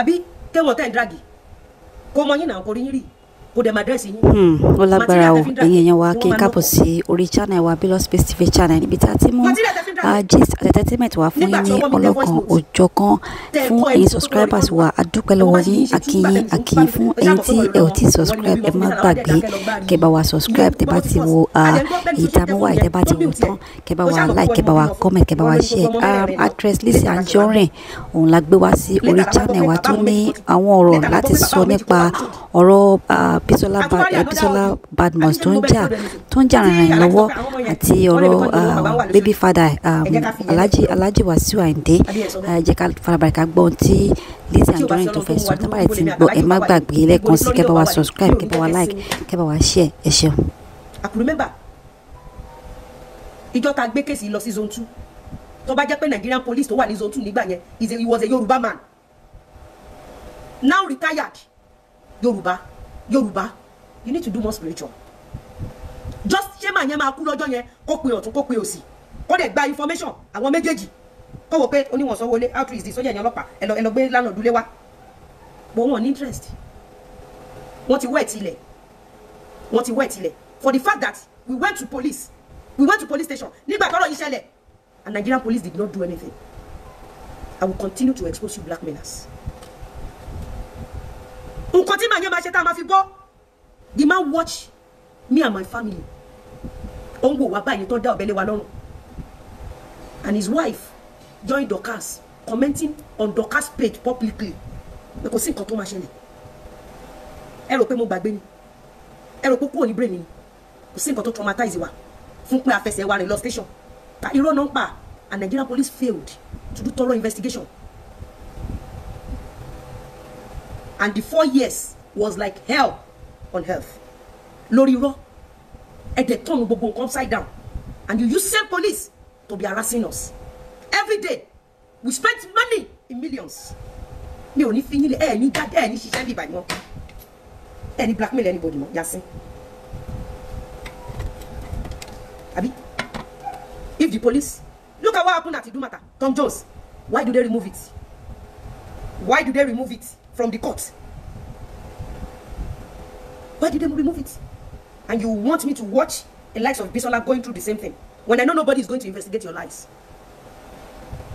àbí tẹ́wọ̀ tẹ́ ń dragi kò mọ yín náà kò rí yín rí kò dẹ̀ máa dẹ́sí yín. ó lágbára o ẹ̀yin èèyàn wa kí n káàbọ̀ sí orí channel wa Bello Space TV channel níbi tá a ti mú gist àti entertainment wa fún yín ní ọlọ́kan òjọ̀kan fún ẹ̀yin subscribers wa adúpẹ́ lọ́wọ́ yín akínyìn akínyìn fún ẹ̀yin tí ẹ ò tí subscribe ẹ má gbàgbé kẹ́ bá wa subscribe tẹ́ bá ti wo ìdààmú wa ìdẹ́ bá ti wò tán kẹ́ wa like kẹ́ bá wa comment kẹ́ bá wa share actress Lizzy Anjorin òun la gbé wá sí orí channel wa tó ní àwọn ọ̀rọ̀ láti sọ nípa ọ̀rọ̀ Bisola Bisola Badmus tó ń jà tó ń jà rìnrìn lọ́wọ́ àti ọ̀rọ̀ um, baby father um, Alhaji Alhaji Wasiu Ayinde jẹ́ ká farabalẹ̀ ká gbọ́ ohun tí Lizzy Anjorin tó fẹ́ sọ tábà ẹ̀ ń gbọ́ ẹ má gbàgbé lẹ́ẹ̀kan sí kẹ́ bá wa subscribe kẹ́ bá wa like kẹ́ bá wa share ẹ ṣeun. àkùrú ìjọ ta gbé kéèsì lọ sí zone two tó bá jẹ́ pé Nigerian police tó wà ní zone two nígbà yẹn he was a Yoruba man now retired Yoruba yorùbá you need to do more spiritual just ṣé màá yẹn máa kú lọ́jọ́ yẹn kó pe ọ̀tún kó pe òsì kó dẹ̀ gba information àwọn méjèèjì kó wò pé oníwọ̀n sanwó lé how to use this sọ́jà ẹ̀yìn ọlọ́pàá ẹ lọ ẹ lọ gbé lánàá dúlé wá but wọn ní interest wọn ti wẹ̀ tilẹ̀ wọn ti wẹ̀ tilẹ̀ for the fact that we went to police we went to police station nígbà tọ́rọ̀ yìí ṣẹlẹ̀ and Nigerian police did not do anything I will continue to expose you blackmailers màá yẹn máa ṣe tá a fi bọ́ the man watch me and my family ó ń wò wá báyìí tó ń wa lọ́rùn and his wife join Doka's commenting on Doka's page publicly pé kò sí nǹkan tó máa ṣẹlẹ̀ ẹ rò pé mo gbàgbé ni ẹ rò pé kúrò ní brain ni kò sí nǹkan tó traumatize wa fún pé afẹsẹ̀ wa rìn lọ station ta irọ́ náà ń pa and Nigerian police failed to do thorough investigation and the four years was like hell on earth lórí irọ́ ẹ̀dẹ̀ tọ́nu gbogbo nǹkan upside down and you use same police to be harassing us every day we spent money in millions You only ní fi yín lé ẹ ní jáde ẹ ní ṣiṣẹ́ bíbá ni wọn blackmail anybody mọ yasin àbí if the police look at what happened at Idumata Tom Jones why do they remove it why do they remove it from the court Why did they remove it? And you want me to watch the likes of Bisola going through the same thing when I know nobody is going to investigate your lies?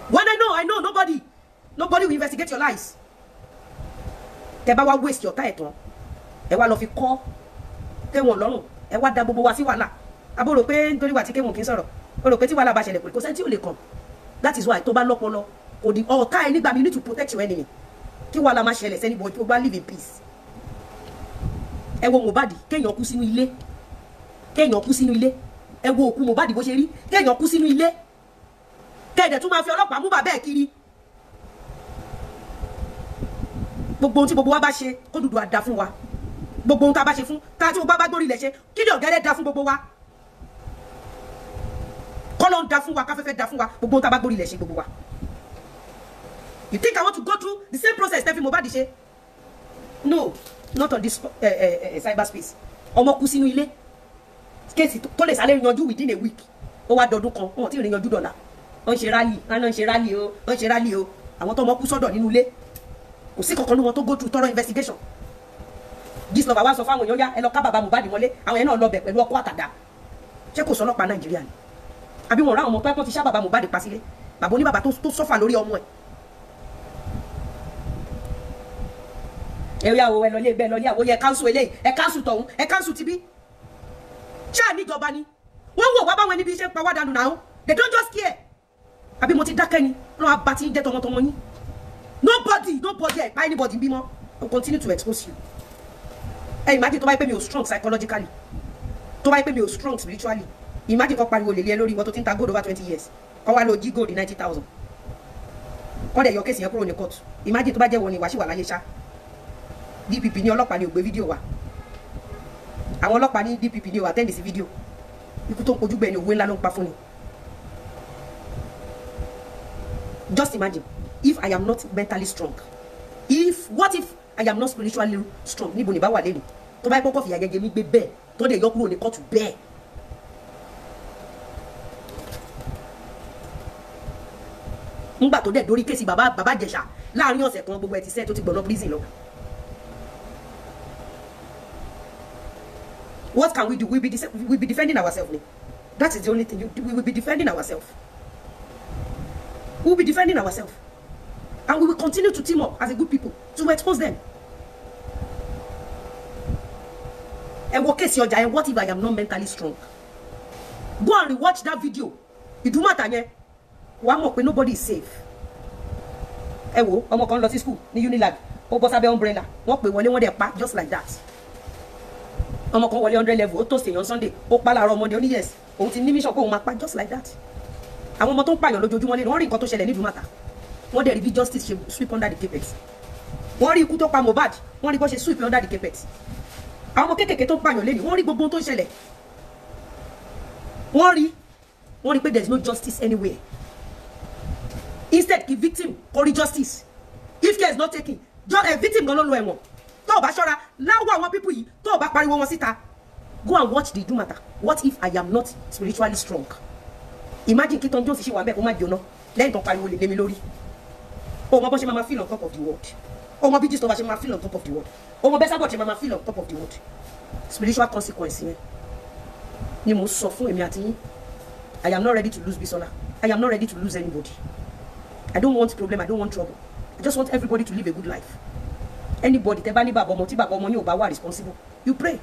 When I know, I know nobody. Nobody will investigate your lies. Tẹ́ bá waste your title. tán. Ẹ wá lọ fi kọ́ tẹ́wọ̀n lọ́rùn. Ẹ wá da gbogbo wa sí wàhálà. Abo rò pé nítorí wa ti kéwọ̀n kì í sọ̀rọ̀. O rò pé tí wàhálà bá ṣẹlẹ̀ kò sẹ́ni tí ò That is why tó bá lọ́pọlọ. Kò di ọ̀tá ẹni gbàmí you need to protect your enemy. Ki wa la ma sẹ́ni bọ̀ tó bá live in peace ẹ wo Mohbad kéèyàn kú sínú ilé kéèyàn kú sínú ilé ẹ wo òkú Mohbad bó ṣe rí kéèyàn kú sínú ilé kẹ́ẹ̀dẹ̀ tún máa fi ọlọ́pàá mú bàbá ẹ̀ kiri gbogbo ohun tí gbogbo wa bá ṣe kó dùdú àdá fún wa gbogbo ohun tá a bá ṣe fún tá tí gbogbo bá gbórí ilẹ̀ ṣe kí ni ọ̀gẹ́rẹ́ da fún gbogbo wa kọ́lọ́ ń da fún wa káfẹ́fẹ́ da fún wa gbogbo ohun tá a bá gbórí ilẹ̀ ṣe gbogbo wa you think I want to go through the same process tẹ́fí Mohbad ṣe no not on this uh, uh, uh, cyberspace ọmọ kú sínú ilé kéèsì tó lè sálẹ̀ yanjú within a week ó wá dọdún kan wọn ò tí ì rìn yanjú dọ̀là ó ń ṣe rálì ó ń ṣe rálì o ó ń ṣe rálì o àwọn tó ọmọ kú sọ́dọ̀ nínú ilé kò sí kankan ní wọn tó go through thorough investigation gist lọ́ba wá sọ fáwọn èèyàn yá ẹ lọ ká bàbá Mohbad mọ́lé àwọn yẹn náà lọ bẹ̀ pẹ̀lú ọkọ̀ àtàdá ṣé kò sọ́lọ́pàá Nàìjíríà ni àbí wọn rá ọmọ pẹ́pọ́n ti ṣá bàbá Mohbad pa sílé bàbá oníbàbà tó sọ́fà lórí ọmọ ẹ̀ ẹ̀yà o ẹ lọ ní ẹgbẹ́ lọ ní àwòyẹ ẹ káńsù eléyìí ẹ káńsù tọ̀hún ẹ káńsù tibí ṣáà níjọba ni wọ́n wò wá báwọn ẹni bí iṣẹ́ pa wá dànù náà they don't just care àbí mo ti dákẹ́ ni ọlọ́run abá ti ń jẹ́ tọmọtọmọ yín nobody nobody ẹ̀ pa anybody bímọ will continue to expose you ẹ imagine tó bá yẹ pé mi ò strong psychologically tó bá yẹ pé mi ò strong spiritually imagine kọ́ pariwo lè lé lórí ìwọ tó ti ń ta gold over twenty years kọ́ wá lọ jí gold ninety thousand kọ́ dẹ̀ yọ kéèsì yẹn kúrò ní court imagine tó bá jẹ́ wọ ni wàá ṣì wà láyé ṣá DPP ní ọlọ́pàá ní ó gbé fídíò wa àwọn ọlọ́pàá ní DPP ní ó attend sí fídíò ikú tó ń kojú bẹ́ẹ̀ ni òwe ńlá ló ń pa fún ni just imagine if I am not mentally strong if what if I am not spiritually strong níbo ni bá wà lẹ́nu tó bá yẹ kọ́kọ́ fìyà jẹjẹ mi gbé bẹ́ẹ̀ tó dẹ̀ yọ kúrò ní kóòtù bẹ́ẹ̀. ńgbà tó dẹ̀ dórí kéèsì bàbá bàbá jẹ̀ṣà láàrin ọ̀sẹ̀ kan gbogbo ẹ̀ ti sẹ́ẹ̀ tó ti gbọ̀nà prison lọ. What can we do? We'll be, we'll be defending ourselves. That is the only thing. You, we will be defending ourselves. We will be defending ourselves. And we will continue to team up as a good people to expose them. And what case your giant? What if I am not mentally strong? Go and rewatch that video. It do matter, yeah? One more, nobody is safe. ẹ wo ọmọ kan to sí school Ni unilag ó bọ́ be umbrella Walk pè wọlé wọ́n their pa just like that ọmọ kan wọlé hundred level ó tó sèyàn sunday ó pa láàárọ̀ ọmọdé ó ní yes òun ti ní mission kó òun máa pa just like that àwọn ọmọ tó ń pààyàn lójoojúmọ́ lé wọ́n rí nǹkan tó ṣẹlẹ̀ nílùú màkà wọ́n dẹ̀ rí bí justice ṣe sweep under the carpet wọ́n rí ikú tó pa mohbad wọ́n rí bó ṣe sweep under the carpet àwọn ọmọ kéékèèké tó ń pààyàn lẹ́nu wọ́n rí gbogbo tó ń ṣẹlẹ̀ wọ́n rí wọ́n rí pé there is no justice anywhere instead kí victim kó rí justice if care is not taken eh, victim gan ló lọ ẹ̀wọ̀n tó o bá ṣọ́ra láwọ àwọn pípù yìí tó bá pariwo wọn síta go and watch the do matter what if i am not spiritually strong imagine kí tọ́jú òṣìṣẹ́ wà bẹ́ẹ̀ kó má jóná lẹ́yìn tó pariwo lè lé mi lórí o mọ bó ṣe feel on top of the world o mọ bí jesus bá ṣe máa feel on top of the world o mọ bẹ́sàbọ̀ ṣe máa feel on top of the world spiritual consequence yẹn ni mo sọ fún èmi àti yín i am not ready to lose bisola i am not ready to lose anybody i don't want problem i don't want trouble i just want everybody to live a good life anybody tẹ́ bá ní bàbá ọmọ tí bàbá ọmọ ní ò bá wà responsible you pray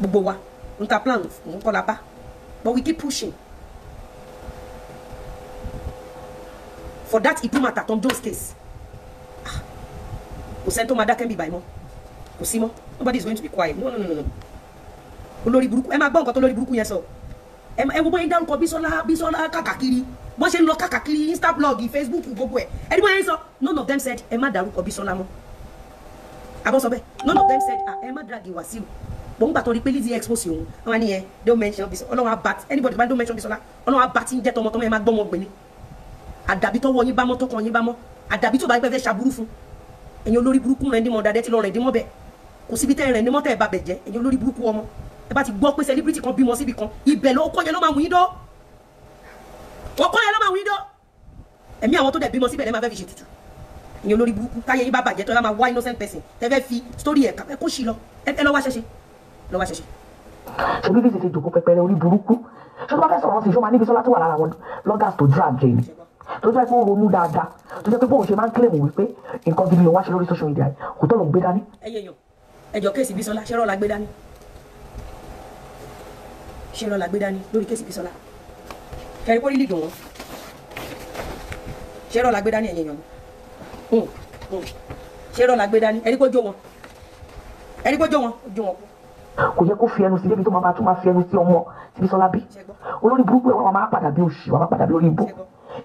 gbogbo wa n ta plan n kọ́ la but we keep pushing for that matter, tom jones case ah, kò sẹ́ni tó máa dákẹ́ ń bì báyìí mọ́ kò sí mọ́ nobody is going to be quiet no no no no olórí burúkú ẹ máa gbọ́ nǹkan tó lórí burúkú yẹn sọ ẹ wo bóyá dárúkọ bísọ́lá bísọ́lá káàkiri bó ṣe ń lọ káàkiri insta blog facebook gbogbo ẹ̀ ẹni máa ń sọ none of them said ẹ má dárúkọ Bísọ́lá mọ́ àbọ̀ sọ none of them said ah, ẹ má dragi Wàsíù bọ́n gbà tó rí pé Lizzy expose òun wọn ni ẹ eh, don't mention Bísọ́lá ọlọ́wọ́ abat anybody bá don't mention Bísọ́lá ọlọ́wọ́ abat ń jẹ́ tọmọtọmọ ẹ má gbọ́ wọn gbẹ̀ni àdàbí tọwọ́ yín bá mọ́ tọkàn yín bá mọ́ àdàbí tó bá gbẹ́ fẹ́ ṣàbúrú fún ẹ̀yin olórí burúkú rẹ̀ ndímọ̀ dàdẹ́ ti lọ rẹ̀ ndímọ̀ bẹ́ẹ̀ kò síbi tẹ́ rẹ̀ ndímọ̀ tẹ́ ẹ bá bẹ̀ jẹ́ ẹ̀yin olórí burúkú ọmọ ẹ bá ti gbọ́ pé celebrity kan bímọ síbi kan ibẹ̀ ló kọ́ yẹn ló máa mú yín dọ́ wọ́n kọ́ ẹ lọ́mọ àwọn idó ẹ̀mí àwọn tó dẹ̀ bímọ síbẹ̀ lẹ́ máa fẹ́ fi ṣe tutù ìyẹn olórí burúkú táyé yín bá bàjẹ́ tó máa wá innocent person tẹ́ fẹ́ fi story ẹ̀ kó sí lọ ẹ lọ́wọ́ ṣẹṣẹ lọ́wọ́ ṣẹṣẹ. ṣebí bí tètè jòkó pẹpẹrẹ orí burúkú ṣé tó bá fẹ́ sọ̀rọ̀ sí ṣó máa níbi sọ́lá tó wà lára wọn lọ́gàs tó drag jẹ ni tó jẹ́ pé ó ronú dáadáa tó jẹ́ pé bóun ṣe máa ń claim wípé nǹkan gidi lòun wá ṣe lórí social media kò tọ́ lòun gbé dání. ẹyẹ yàn ẹjọ kéèsì Bísọ́lá ṣẹrọ la gbé dání ṣẹrọ la gbé dání lórí kéèsì Bísọ́lá ẹ̀rí pọ́n lílì dùn wọ́n ṣé rọ́ọ̀lá gbé dání ẹ̀yẹ̀ yàn ni ṣé rọ́ọ̀lá gbé dání ẹ̀rí pọ́n jó wọn ẹ̀rí pọ́n jó wọn jó wọn. kò yẹ kó fi ẹnu sí débi tó máa tún máa fi ẹnu sí ọmọ síbi sọlá bí olórí burúkú ẹ wà máa padà bí òṣì wà máa padà bí orí ibò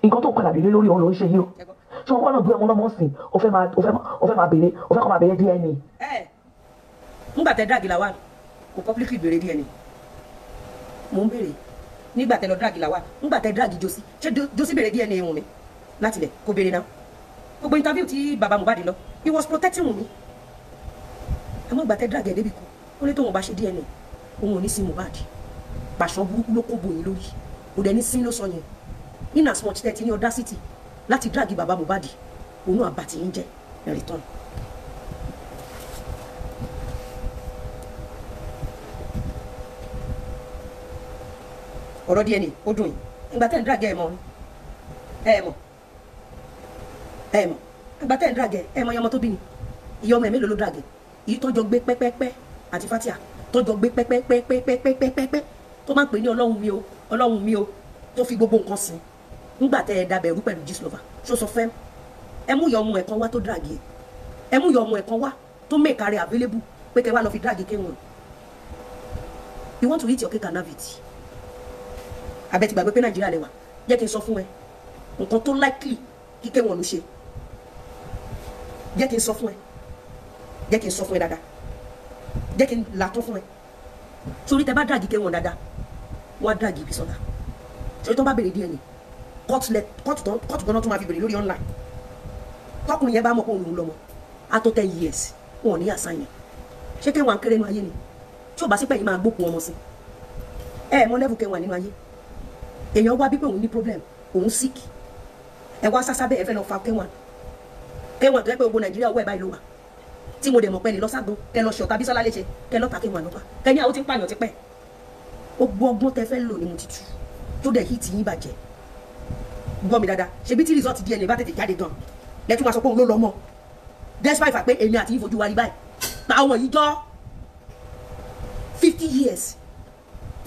nǹkan tó padà bèrè lórí ọ̀rọ̀ ìṣe yìí o ṣé wọn náà gbé ọmọ lọ́mọ sìn o fẹ́ máa bèrè o fẹ́ kọ́ máa bèrè DNA. ẹ nígbà tẹ dáàgì làwọn kò kọ́pílíkì bèrè DNA mò ń bèrè nígbà tẹ lọ drag làwa nígbà tẹ drag josi ṣé josi béèrè dna wùn mi láti lẹ kó béèrè náà gbogbo interview tí baba Mohbad lọ he was protecting wùn mi àmọ́ ìgbà tẹ drag ẹ̀ débi kú ó ní tóun bá ṣe dna òun ò ní sí Mohbad pàṣọ burúkú ló kó bòyìn lórí kò ní sí ló sọ yẹn in as much tẹ́tí ní audacity láti drag baba Mohbad òun náà àbàtì yín jẹ́ return. ọ̀rọ̀ díẹ̀ ni ó dùn yìí ìgbà tẹ́ ń dàgẹ́ ẹ̀ mọ́ ẹ̀ mọ́ ẹ̀ mọ́ ìgbà tẹ́ ń dàgẹ́ ẹ̀ mọ́ ìyọmọ tó bí ni ìyọmọ ẹ̀ mélòó ló dàgẹ́ èyí tó gbé pẹ́pẹ́pẹ́ àti fatia tó jọ gbé pẹ́pẹ́pẹ́pẹ́pẹ́pẹ́ tó máa ń pè ní ọlọ́run mi o ọlọ́run mi o tó fi gbogbo nǹkan sìn ńgbà tẹ́ ẹ dabẹ̀rú pẹ̀lú gislova ṣó sọ fẹ́ ẹ mú ìyọmọ ẹ̀kan wá tó dàgẹ́ ẹ mú ìyọmọ ẹ̀kan wá tó mẹ́ẹ̀kárẹ̀ available pé kẹ́ wá lọ fi dàgẹ́ kéwọn you want to eat your cake and have it abẹ́ ti gbàgbé pé nàìjíríà lẹ́wà jẹ́ kí n sọ fún ẹ nǹkan tó likely kíkẹ́ wọn ló ṣe jẹ́ kí n sọ fún ẹ jẹ́ kí n sọ fún ẹ dáadáa jẹ́ kí n làtọ́ fún ẹ torí tẹ bá dàgì kẹ́ wọn dáadáa wọ́n á dàgì ibi sọ́la torí tó bá béèrè díẹ̀ ni kóòtù gan-an tó máa fi béèrè lórí online tọkùnrin yẹn bá mọ̀ pé òun lọ́mọ á tó ten years wọn ò ní àṣà yẹn ṣé kẹ́ wọn kéré nínú ayé ni tí ò bá sí pẹ̀lú máa gbókun ọmọ sí ẹ ẹ mọ lẹ́bù kẹ́ wọn nínú ayé èèyàn wá bí òun ní problem òun sick ẹ wá sásá bẹ́ẹ̀ fẹ́ lọ fa k1 k1 tó yẹ pé gbogbo nàìjíríà owó ẹ̀ báyìí ló wà tí mo dẹ̀ mọ̀ pé ní lọ́sàgbọ́n kẹ lọ ṣọ̀tà bísọ́lá léṣe kẹ lọ́ta k1 lọ́pa kẹ́ni àwọn tí ń pààyàn ti pẹ́ gbogbo ọgbọ́n tẹ fẹ́ lò ní mo ti tu tó dẹ̀ hit yín bàjẹ́ gbọ́ mi dáadáa ṣebí tí result DNA bá tètè jáde gan lẹ́tún máa sọ pé òun ló lọ mọ́ despite pé èmi àti ìfojú wa rí báyìí pa ọmọ yìí jọ fifty years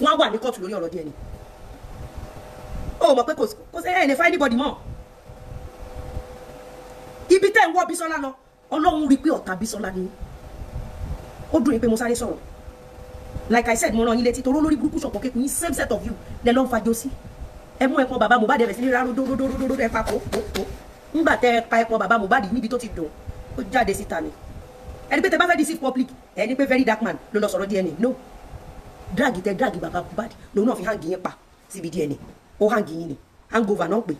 wọ́n á wà ní kóòtù lórí ọ̀rọ̀ DNA o mọ̀ pé kò sí ẹ̀ ẹ̀ lè fa anybody mọ́ ibi tẹ́ ń wọ́ Bísọ́lá lọ Ọlọ́run rí i pé ọ̀tá Bísọ́lá ni ó dùn yín pé mo sáré sọ̀rọ̀ like I said mo ràn yín létí toró lórí burúkú ṣọ̀pọ̀ kékun yín same set of you lẹ lọ́n fajó sí ẹ mú ẹ̀pọ̀n bàbá Mohbad do, do, do, do, do, ẹ pa kókó ńgbà tẹ ẹ pa ẹ̀pọ̀n bàbá Mohbad níbi tó ti do, ó jáde síta ni ẹni pé tẹ bá fẹ́ deceive public ẹni pé very dark man ló lọ sọ̀rọ̀ DNA no drag tẹ drag bàbá Mohbad lòun náà fi hàn gíyẹn pa síbi DNA ó hang yín ni hangover náà pé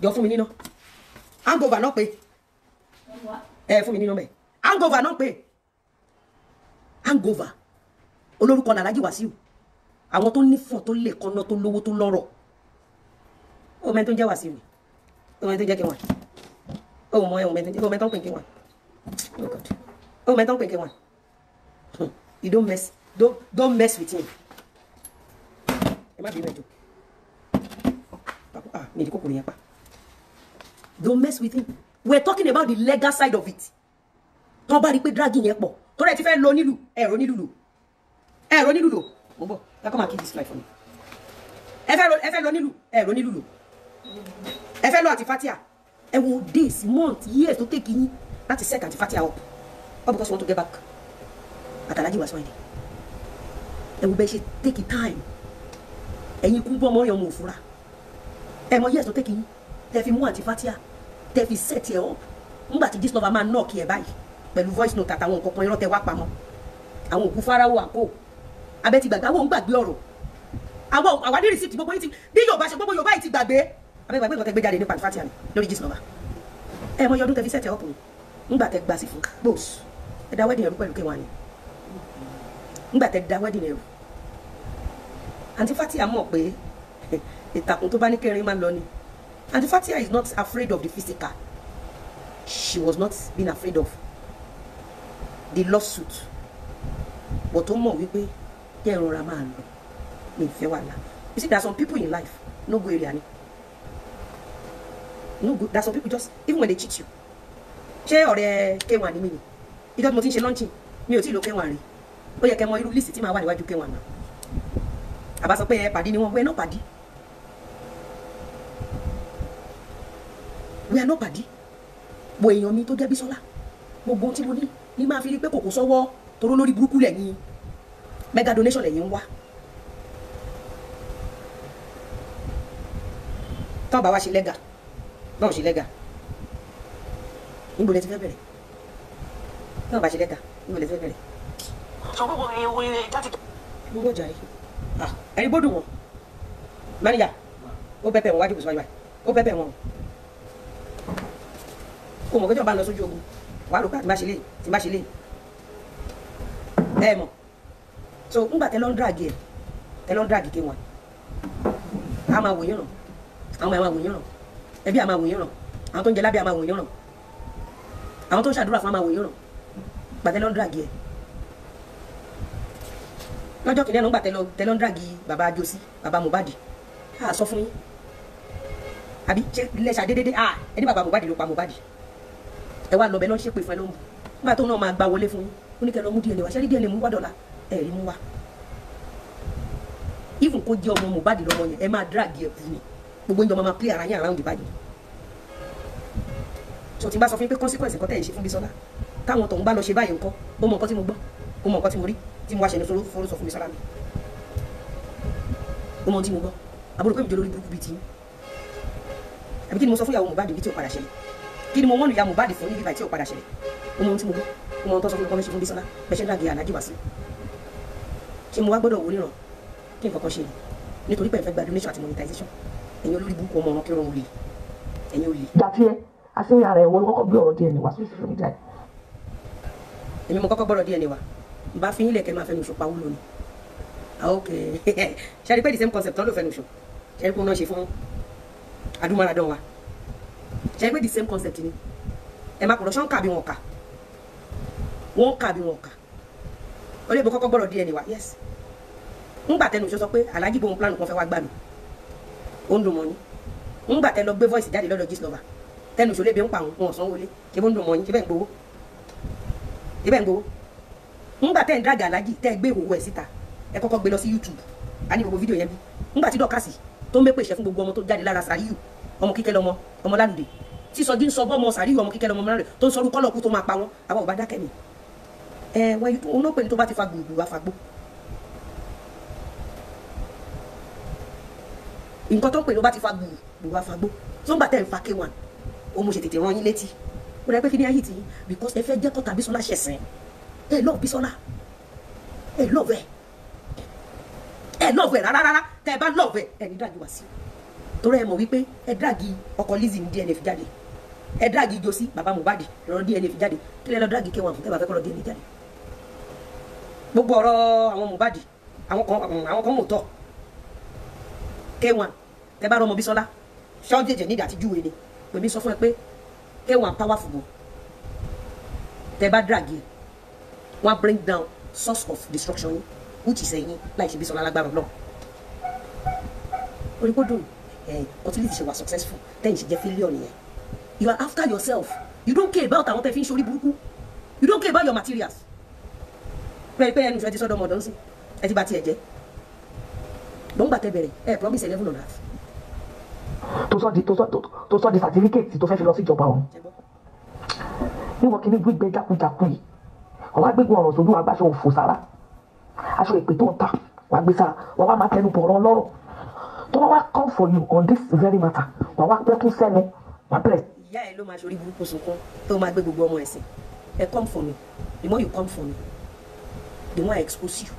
jọ fún mi níná hangover náà pé ẹ fún mi níná bẹ́ẹ̀ hangover náà pé hangover olórúkọ nàlájì Wàsíù àwọn tó nífọ̀ tó lè kọ́nà tó lówó tó lọ́rọ̀ ó mẹ́ni tó jẹ́ Wàsíù ni ó mẹ́ni tó jẹ́ kéwọ̀n ó mọ ẹ̀ ó mẹ́ni tó ń pè kéwọ̀n oh ó mẹ́ni tó ń pè kéwọ̀n hmm. you don't mess don't, don't mess with him. Ah, don't mess with him we're talking about the legal side of it tó bá rí pé dragging yẹn pọ̀ tó rẹ̀ ti fẹ́ lo nílùú ẹ̀rọ nílùú ẹ̀rọ nílùú mo bọ̀ ẹ kọ́ máa kí this life for me ẹ fẹ́ lọ nílùú ẹ̀rọ nílùú lò ẹ fẹ́ lọ àti fatia ẹ wo this month, years tó tèkì yín láti set àti fatia up all because you want to get back àtàlájì wà sọ èdè ẹ wo bẹ́ẹ̀ ṣe take time ẹ̀yin kú bọ́ mọ́rin ọmọ òfúra ẹ̀ mọ yẹ́sì tó tẹ́kì yín tẹ́ fi mú àǹtí fatia tẹ́ fi set ẹ̀ up nígbà tí disnova máa nọ́ọ̀kì ẹ̀ báyìí pẹ̀lú voice note àtàwọn nǹkan kan irọ́ tẹ́ wá pamọ́ àwọn òkú faraó àpò abẹ́tí gbàgbé àwọn òǹgbàgbé ọ̀rọ̀ àwọn àwárí rìsíìtì gbogbo yìí ti bí Yorùbá ṣe gbogbo Yorùbá yìí ti gbàgbé abẹ́ gbàgbé nǹkan tẹ́ gbé jáde nípa àǹtí fatia ni lórí disnova ẹ̀ mọ yọdún tẹ́ fi set ẹ̀ up nígbà tẹ́ gbà sí fún gbòòsù ẹ̀ dá wedding ẹ̀rú pẹ̀lú kéwàá ni nígbà tẹ́ dá wedding ẹ̀rú àǹtí fatia mọ̀ pé ìtàkùn tó bá ní kẹrin máa ń lọ ni àǹtí fatia is not afraid of the physical she was not being afraid of the lawsuit but ó mọ̀ wípé jẹ́ ìrora máa lọ mi ì fẹ́ wàhálà you see there are some people in life no go area ni no go there are some people just even when they cheat you ṣé ọ̀rẹ́ k1 ni mí ni ìjọba mo ti ń ṣe launching mi ò tí ì lo k1 rí ó yẹ kẹ́ mọ̀ irú lísì tí màá wà níwájú k1 náà àbá sọ pé ẹ pàdé ni wọn wẹ náà pàdé wẹ náà pàdé wo èèyàn mi tó jẹ́ Bísọ́lá gbogbo tí mo ní ní máa fi rí pé kòkó sọ́wọ́ toró lórí burúkú lẹ́yìn mega donation lẹ́yìn ń wá. tọ́ bá wa ṣe lẹ́gà náà ṣe lẹ́gà níbo lẹ ti fẹ́ bẹ̀rẹ̀ tọ́ bá ṣe lẹ́gà níbo lẹ ti fẹ́ bẹ̀rẹ̀. sọ gbogbo ìwé jáde. gbogbo jàre. Ah, ẹ̀yin bó dùn wọn mẹ́nìyà ó bẹ́ẹ̀ bẹ́ẹ̀ wọn wájú kò síwájú báyìí ó bẹ́ẹ̀ bẹ́ẹ̀ wọn o mọ̀ pé tí wọ́n bá lọ sójú ogun wàá rò pé àti má ṣe lè ti má ṣe lè ẹ mọ̀ so ńgbà tẹ lọ́n dàgì ẹ̀ tẹ lọ́n dàgì ké wọn a máa wòye ràn àwọn máa wòye ràn ẹbí a máa wòye ràn àwọn tó ń jẹ lábẹ́ a máa wòye ràn àwọn tó ń ṣàdúrà fún a máa wòye ràn gbàtẹ́ lọ́n dàgì ẹ̀ lọ́jọ́ kìnìún ẹnu gbà tẹ́lọ́ ń dàgì bàbá ajosi bàbá Mohbad a sọ fún yín àbí lẹ́sà déédéé a ah, ẹni bàbá Mohbad ló pa Mohbad ẹ wá lọ bẹ lọ́n ṣépè fún ẹ ló ń bù nígbà tó náà máa gba wọlé fún yín ó ní kẹ́ lọ mú DNA wá ṣẹ́rí DNA mú wá dọ̀la ẹ̀ rí mú wá even kó jẹ́ ọmọ Mohbad lọ́mọ yẹn ẹ máa dàgì ẹ̀ bù ni gbogbo ìjọba máa play ara yín around the bag so tí n bá sọ fún yín pé consequence nǹkan tẹ̀ ẹ̀ ṣe fún Bísọ́lá táwọn tó ń bá tí mo wá ṣẹlẹ̀ fún fún sọ fún mi sára mi ó mọ tí mo gbọ́ àbúrò pé mi jẹ lórí burúkú bíi ti àbí kí ni mo sọ fún ìyàwó Mohbad ibi tí ò padà ṣẹlẹ̀ kí ni mo wọ́n lu ìyá Mohbad fún níbi tí ò padà ṣẹlẹ̀ ó mọ tí mo gbọ́ ó mọ tó sọ fún mi kọ́ mẹ́sẹ̀ fún Bísọ́lá pẹ̀ṣẹ̀ náà gé aláàjì wá sí ṣé mo wá gbọ́dọ̀ wò níran kí n kọ̀kọ́ ṣe ni nítorí pé n fẹ́ gba donation àti monetization ẹ̀yin olórí burúkú ọmọ ọ̀ràn kẹrọ olè ẹ̀yin olè. dàtí ẹ àti ara ẹ̀ wọ́n kọ́kọ́ gbé ọ̀rọ̀ DNA wá sí social media. èmi mo kọ́kọ́ gbọ́rọ̀ DNA wá bá fi yín lẹ̀kẹ́ máa fẹnu ṣùpá wúlò ni ah, ok ṣe àdìpẹ́ the same concept tán ló fẹnu ṣù ṣe àdìpẹ́ náà ṣe fún adúmọ̀ràdán wa ṣe àdìpẹ́ the same concept ni ẹ máa kọ̀rọ̀ ṣọ́n kà bí wọn kà wọn kà bí wọn kà olóyìnbó kọ́kọ́ gbọ́dọ̀ DNA wa yes ńgbà tẹnu ṣọ sọ pé aláàjì bóun plan kan fẹ́ wá gbà mí ó ń dùn mọ́ ni ńgbà tẹ lọ gbé voice jáde lọ́dọ̀ gist lover tẹnu ṣọlẹ́bí ń pa àwọn wọn sanwó lé ṣe bó ń dùn ni ṣe bẹ́ẹ̀ ń gbowó ṣe bẹ́ẹ̀ ńgbà tẹ́ ń dàgà alájì tẹ́ gbé ìwòwò ẹ̀ síta ẹ kọ́kọ́ gbé lọ youtube a ní gbogbo fídíò yẹn bí ńgbà tí dọ́kàsì tó ń bẹ́ pèsè fún gbogbo ọmọ tó jáde lára sàríyù ọmọ kíkẹ́ lọmọ ọmọ lálùdè tí sọjí ń sọ bọ́ ọmọ sàríyù ọmọ kíkẹ́ lọmọ mọ́rẹ̀ tó ń sọrú kọ́lọ̀kú tó máa pa wọ́n àwa ò bá dákẹ́ mi ẹ wá youtube òun ló pè ní tó bá ti fa gbùgbù wá fagbó. nǹkan tó ń pè ló bá ti fa gbùgbù wá fagbó tó ń gbà tẹ́ fa k1 òun mo ṣe tètè rán yín létí ó rẹ pé kí ni ayé ti because ẹ fẹ́ jẹ́ kọ́ta bí sọlá ṣẹ̀sìn ẹ lọ́ọ̀ Bísọ́lá ẹ lọ́ọ̀ ẹ ẹ lọ́ọ̀ ẹ rárá rárá tẹ ẹ bá lọ́ọ̀ ẹ ẹ ní dàgí wá sí i torí ẹ mọ̀ wípé ẹ dàgí ọkọ Lizzy ní DNA fi jáde ẹ dàgí josi bàbá Mohbad lọ́ọ́ DNA fi jáde kílẹ̀ lọ́ọ́ dàgí kéwàá fún tẹ́ bá DNA jáde gbogbo ọ̀rọ̀ àwọn Mohbad àwọn kan àwọn kan mò tọ̀ kéwàá tẹ bá rọmọ Bísọ́lá ṣọ́ọ́dẹ̀jẹ̀ nídìí àtijúwe ni pèmí sọ fún ẹ pé kéwàá powerful tẹ bá dàgí ẹ wọ́n á bring down source of destruction which is ẹ̀yin láì ṣe bí sọlá alágbára náà oríkó dùn ọtílítì ṣe wà successful tẹ́yìn ṣe jẹ́ failure nìyẹn you are after yourself you don't care about àwọn tẹ́ fi ń ṣorí burúkú you don't care about your materials pẹ́ẹ́ pẹ́ẹ́ ẹnu ìṣẹ́ ti sọ́dọ̀ ọmọ ọ̀dọ́ ń sìn ẹ ti ba tiẹ̀ jẹ́ gbọ́ngbà tẹ bẹ̀rẹ̀ ẹ promise eleven hundred. tó sọ di tó sọ tó sọ di certificate tó fẹ́ fi lọ sí ìjọba ọ̀hún níwọ̀n kìíní gbígbẹ́ jákujàku yìí wọ́n wá gbégun ọ̀rọ̀ sójú agbáṣọ òfò sára aṣọ ìpè tó ń ta wàá gbé sára wàá wá máa tẹnu bọ̀rọ̀ lọ́rọ̀ tó wọ́n wá come for you on this very matter wàá wá pẹ́kún sẹ́nu wàá bẹ̀rẹ̀. ìyá ẹ ló máa ṣorí burúkú sunkún tó máa gbé gbogbo ọmọ ẹ̀sìn ẹ come for me the more you come for me the more I expose you